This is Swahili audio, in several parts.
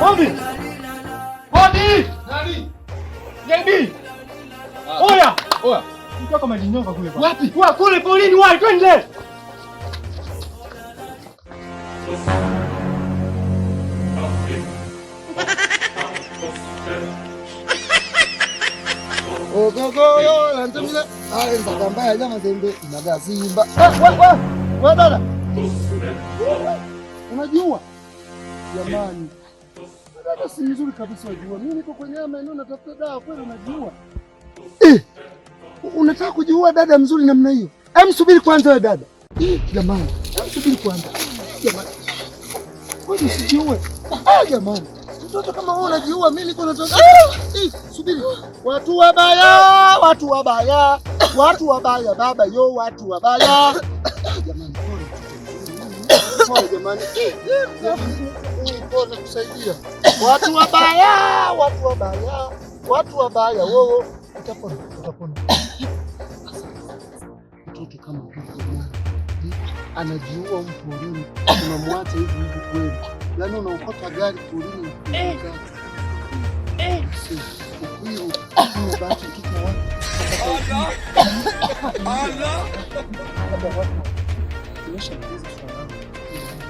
Bodi. Bodi. Nani? Jebi. Ah. Oya. Oya. Mtoka majinyonga kule bwana. Wapi? Wa kule polini wa twende. Ogogo oh, la ntumile. Ale ah, mbaya jamaa sembe. Inaga Simba. Wa eh, wa. Wa dada. Unajua jamani, dada si mzuri kabisa. Unajua mimi niko kwenye haya maeneo natafuta dawa kweli. Unajua eh, unataka kujiua dada mzuri namna hiyo? Em, subiri kwanza wewe dada. Eh, jamani, em, subiri kwanza jamani, kwani sijiue? Ah jamani, mtoto kama wewe unajiua, mimi niko natoka. Ah, eh, subiri, watu wabaya, watu wabaya, watu wabaya, baba yo, watu wabaya pole jamani, pole eh, eh, eh, kusaidia watu wabaya, watu wabaya, watu wabaya. Wewe utapona, utapona. Mtoto kama anajiua mporini, unamwacha hivi hivi kweli? Yaani unaokota gari porini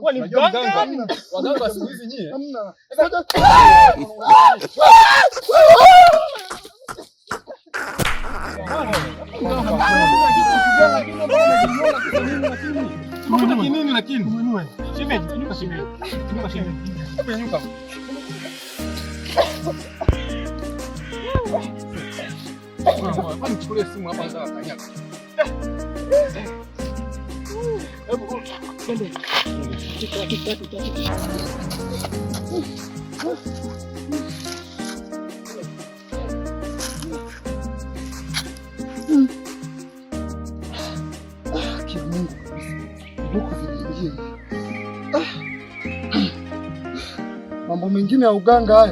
waganga simu hapa. Mambo mengine ya uganga haya,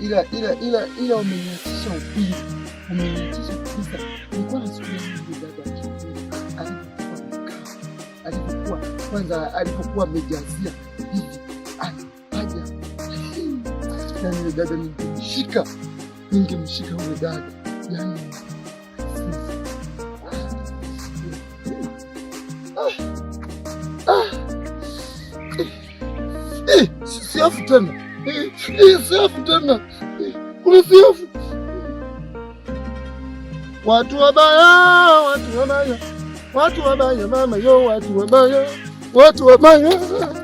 ila ila ila ila ila umeniatisha upizi, umeniatisha upizi. Nilikuwa nasubiria baba kwanza alipokuwa amejazia hivi anapaja, yani yule dada ningemshika, ningemshika yule dada yani ah, ah, ah, eh, siafu tena, eh, eh, siafu tena, kuna siafu watu wabaya, watu wabaya, watu wabaya, mama yo, watu wabaya watu wa wabaya